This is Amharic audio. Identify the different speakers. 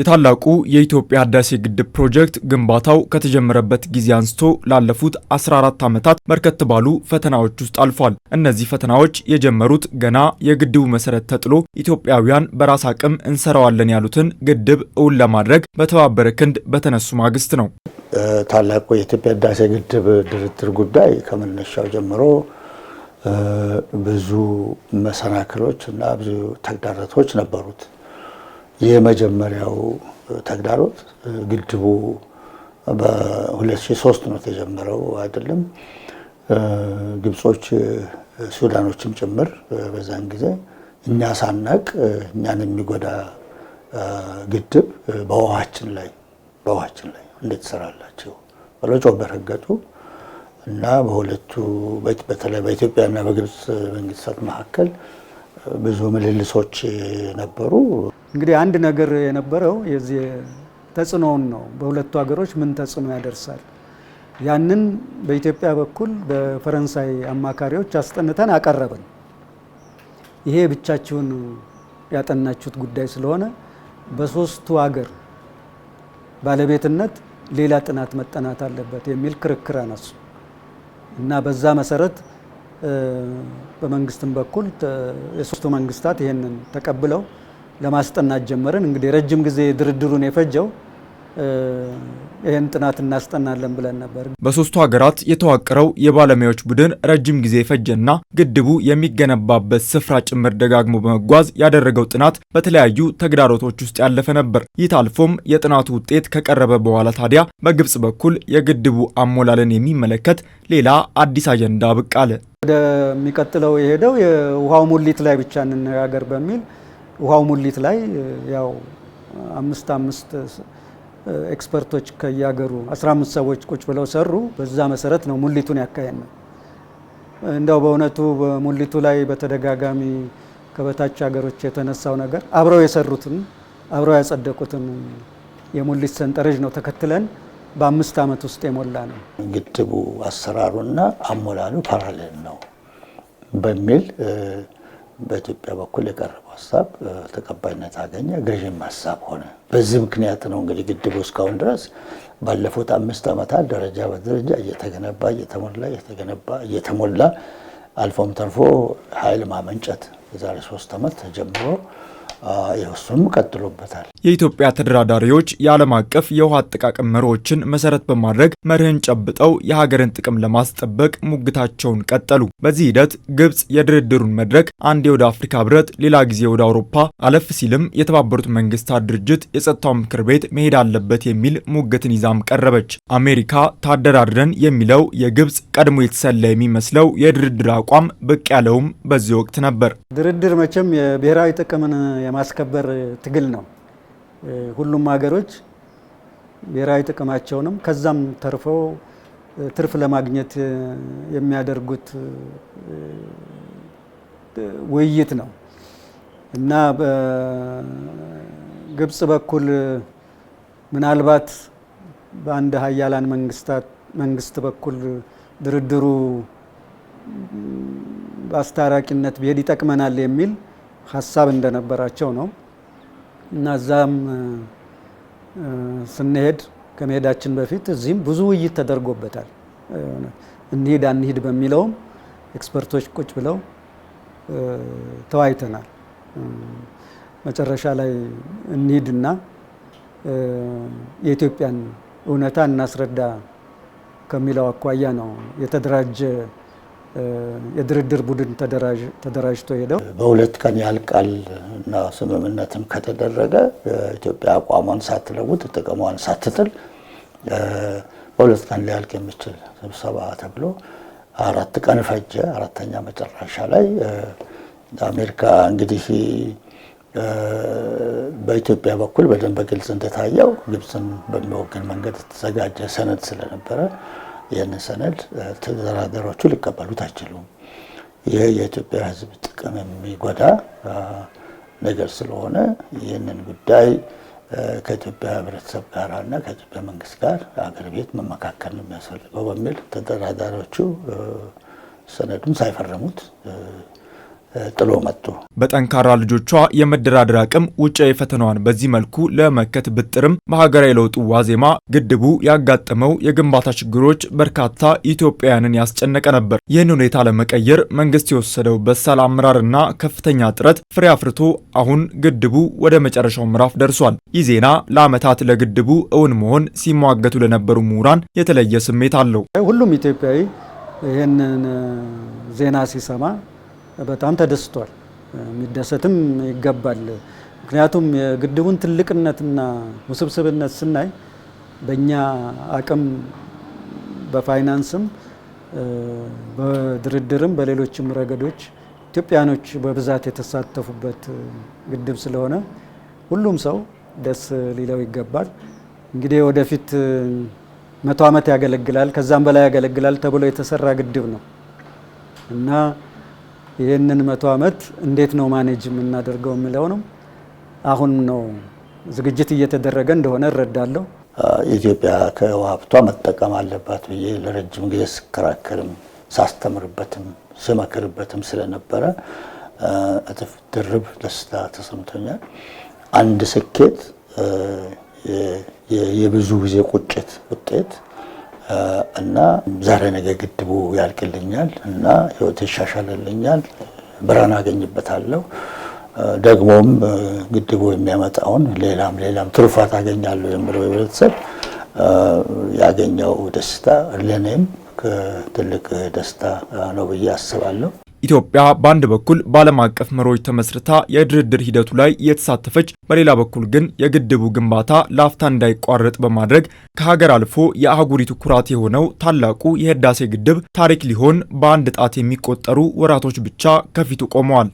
Speaker 1: የታላቁ የኢትዮጵያ ህዳሴ ግድብ ፕሮጀክት ግንባታው ከተጀመረበት ጊዜ አንስቶ ላለፉት 14 ዓመታት በርከት ባሉ ፈተናዎች ውስጥ አልፏል። እነዚህ ፈተናዎች የጀመሩት ገና የግድቡ መሰረት ተጥሎ ኢትዮጵያውያን በራስ አቅም እንሰራዋለን ያሉትን ግድብ እውን ለማድረግ በተባበረ ክንድ በተነሱ ማግስት ነው።
Speaker 2: ታላቁ የኢትዮጵያ ህዳሴ ግድብ ድርድር ጉዳይ ከመነሻው ጀምሮ ብዙ መሰናክሎች እና ብዙ ተግዳሮቶች ነበሩት። የመጀመሪያው ተግዳሮት ግድቡ በ2003 ነው የተጀመረው አይደለም። ግብጾች ሱዳኖችም ጭምር በዛን ጊዜ እኛ ሳናቅ እኛን የሚጎዳ ግድብ በውሃችን ላይ በውሃችን ላይ እንዴት ትሰራላችሁ ብለው ጮቤ ረገጡ እና በሁለቱ በተለይ በኢትዮጵያና በግብጽ መንግስታት መካከል ብዙ ምልልሶች ነበሩ። እንግዲህ አንድ ነገር የነበረው የዚህ ተጽዕኖውን ነው። በሁለቱ ሀገሮች ምን ተጽዕኖ ያደርሳል? ያንን በኢትዮጵያ በኩል በፈረንሳይ አማካሪዎች አስጠንተን አቀረብን። ይሄ ብቻችሁን ያጠናችሁት ጉዳይ ስለሆነ በሶስቱ ሀገር ባለቤትነት ሌላ ጥናት መጠናት አለበት የሚል ክርክር አነሱ እና በዛ መሰረት በመንግስትም በኩል የሶስቱ መንግስታት ይህንን ተቀብለው ለማስጠናት ጀመርን። እንግዲህ ረጅም ጊዜ ድርድሩን የፈጀው ይህን ጥናት እናስጠናለን ብለን ነበር።
Speaker 1: በሶስቱ ሀገራት የተዋቀረው የባለሙያዎች ቡድን ረጅም ጊዜ ፈጀና ግድቡ የሚገነባበት ስፍራ ጭምር ደጋግሞ በመጓዝ ያደረገው ጥናት በተለያዩ ተግዳሮቶች ውስጥ ያለፈ ነበር። ይህ ታልፎም የጥናቱ ውጤት ከቀረበ በኋላ ታዲያ በግብጽ በኩል የግድቡ አሞላልን የሚመለከት ሌላ አዲስ አጀንዳ ብቅ አለ።
Speaker 2: ወደሚቀጥለው የሄደው የውሃው ሙሊት ላይ ብቻ እንነጋገር በሚል ውሃው ሙሊት ላይ ያው አምስት አምስት ኤክስፐርቶች ከያገሩ 15 ሰዎች ቁጭ ብለው ሰሩ። በዛ መሰረት ነው ሙሊቱን ያካሄድ ነው። እንደው በእውነቱ በሙሊቱ ላይ በተደጋጋሚ ከበታች ሀገሮች የተነሳው ነገር አብረው የሰሩትን አብረው ያጸደቁትን የሙሊት ሰንጠረዥ ነው ተከትለን በአምስት ዓመት ውስጥ የሞላ ነው። ግድቡ አሰራሩና አሞላሉ ፓራሌል ነው በሚል በኢትዮጵያ በኩል የቀረበው ሀሳብ ተቀባይነት አገኘ፣ ገዥም ሀሳብ ሆነ። በዚህ ምክንያት ነው እንግዲህ ግድቡ እስካሁን ድረስ ባለፉት አምስት ዓመታት ደረጃ በደረጃ እየተገነባ እየተሞላ እየተገነባ እየተሞላ አልፎም ተርፎ ኃይል ማመንጨት የዛሬ ሶስት ዓመት ተጀምሮ ይኸው እሱም ቀጥሎበታል።
Speaker 1: የኢትዮጵያ ተደራዳሪዎች የዓለም አቀፍ የውሃ አጠቃቀም መርሆችን መሰረት በማድረግ መርህን ጨብጠው የሀገርን ጥቅም ለማስጠበቅ ሙግታቸውን ቀጠሉ። በዚህ ሂደት ግብፅ የድርድሩን መድረክ አንዴ ወደ አፍሪካ ህብረት፣ ሌላ ጊዜ ወደ አውሮፓ፣ አለፍ ሲልም የተባበሩት መንግስታት ድርጅት የጸጥታው ምክር ቤት መሄድ አለበት የሚል ሙግትን ይዛም ቀረበች። አሜሪካ ታደራድረን የሚለው የግብፅ ቀድሞ የተሰላ የሚመስለው የድርድር አቋም ብቅ ያለውም በዚህ ወቅት ነበር።
Speaker 2: ድርድር መቼም የብሔራዊ ጥቅምን የማስከበር ትግል ነው። ሁሉም ሀገሮች ብሔራዊ ጥቅማቸውንም ከዛም ተርፈው ትርፍ ለማግኘት የሚያደርጉት ውይይት ነው እና በግብፅ በኩል ምናልባት በአንድ ሀያላን መንግስታት መንግስት በኩል ድርድሩ በአስታራቂነት ቢሄድ ይጠቅመናል የሚል ሀሳብ እንደነበራቸው ነው። እና እዛም ስንሄድ ከመሄዳችን በፊት እዚህም ብዙ ውይይት ተደርጎበታል። እንሂድ አንሂድ በሚለውም ኤክስፐርቶች ቁጭ ብለው ተወያይተናል። መጨረሻ ላይ እንሂድና የኢትዮጵያን እውነታ እናስረዳ ከሚለው አኳያ ነው የተደራጀ የድርድር ቡድን ተደራጅቶ ሄደው በሁለት ቀን ያልቃል እና ስምምነትም ከተደረገ ኢትዮጵያ አቋሟን ሳትለውጥ ጥቅሟን ሳትጥል በሁለት ቀን ሊያልቅ የሚችል ስብሰባ ተብሎ አራት ቀን ፈጀ። አራተኛ መጨረሻ ላይ አሜሪካ እንግዲህ በኢትዮጵያ በኩል በደንብ በግልጽ እንደታየው ግብፅን በሚወግን መንገድ የተዘጋጀ ሰነድ ስለነበረ ይህን ሰነድ ተደራዳሪዎቹ ሊቀበሉት አይችሉም። ይህ የኢትዮጵያ ሕዝብ ጥቅም የሚጎዳ ነገር ስለሆነ ይህንን ጉዳይ ከኢትዮጵያ ህብረተሰብ ጋር እና ከኢትዮጵያ መንግስት ጋር አገር ቤት መመካከል ነው የሚያስፈልገው በሚል ተደራዳሪዎቹ ሰነዱን ሳይፈረሙት ጥሎ መጡ።
Speaker 1: በጠንካራ ልጆቿ የመደራደር አቅም ውጫዊ ፈተናዋን በዚህ መልኩ ለመከት ብጥርም በሀገራዊ ለውጡ ዋዜማ ግድቡ ያጋጠመው የግንባታ ችግሮች በርካታ ኢትዮጵያውያንን ያስጨነቀ ነበር። ይህን ሁኔታ ለመቀየር መንግስት የወሰደው በሳል አመራርና ከፍተኛ ጥረት ፍሬ አፍርቶ አሁን ግድቡ ወደ መጨረሻው ምዕራፍ ደርሷል። ይህ ዜና ለዓመታት ለግድቡ እውን መሆን ሲሟገቱ ለነበሩ ምሁራን የተለየ ስሜት አለው።
Speaker 2: ሁሉም ኢትዮጵያዊ ይህንን ዜና ሲሰማ በጣም ተደስቷል። የሚደሰትም ይገባል። ምክንያቱም የግድቡን ትልቅነትና ውስብስብነት ስናይ በእኛ አቅም በፋይናንስም በድርድርም በሌሎችም ረገዶች ኢትዮጵያኖች በብዛት የተሳተፉበት ግድብ ስለሆነ ሁሉም ሰው ደስ ሊለው ይገባል። እንግዲህ ወደፊት መቶ ዓመት ያገለግላል ከዛም በላይ ያገለግላል ተብሎ የተሰራ ግድብ ነው እና ይህንን መቶ ዓመት እንዴት ነው ማኔጅ የምናደርገው የሚለውንም አሁን ነው ዝግጅት እየተደረገ እንደሆነ እረዳለሁ። ኢትዮጵያ ከውሃ ሀብቷ መጠቀም አለባት ብዬ ለረጅም ጊዜ ስከራከርም ሳስተምርበትም ስመክርበትም ስለነበረ እጥፍ ድርብ ደስታ ተሰምቶኛል። አንድ ስኬት የብዙ ጊዜ ቁጭት ውጤት እና ዛሬ ነገ ግድቡ ያልቅልኛል እና ህይወት ይሻሻልልኛል፣ ብርሃን አገኝበታለሁ፣ ደግሞም ግድቡ የሚያመጣውን ሌላም ሌላም ትሩፋት አገኛለሁ የሚለው ህብረተሰብ ያገኘው ደስታ ለእኔም ትልቅ ደስታ ነው ብዬ አስባለሁ።
Speaker 1: ኢትዮጵያ በአንድ በኩል በዓለም አቀፍ መሪዎች ተመስርታ የድርድር ሂደቱ ላይ እየተሳተፈች በሌላ በኩል ግን የግድቡ ግንባታ ላፍታ እንዳይቋረጥ በማድረግ ከሀገር አልፎ የአህጉሪቱ ኩራት የሆነው ታላቁ የህዳሴ ግድብ ታሪክ ሊሆን በአንድ ጣት የሚቆጠሩ ወራቶች ብቻ ከፊቱ ቆመዋል።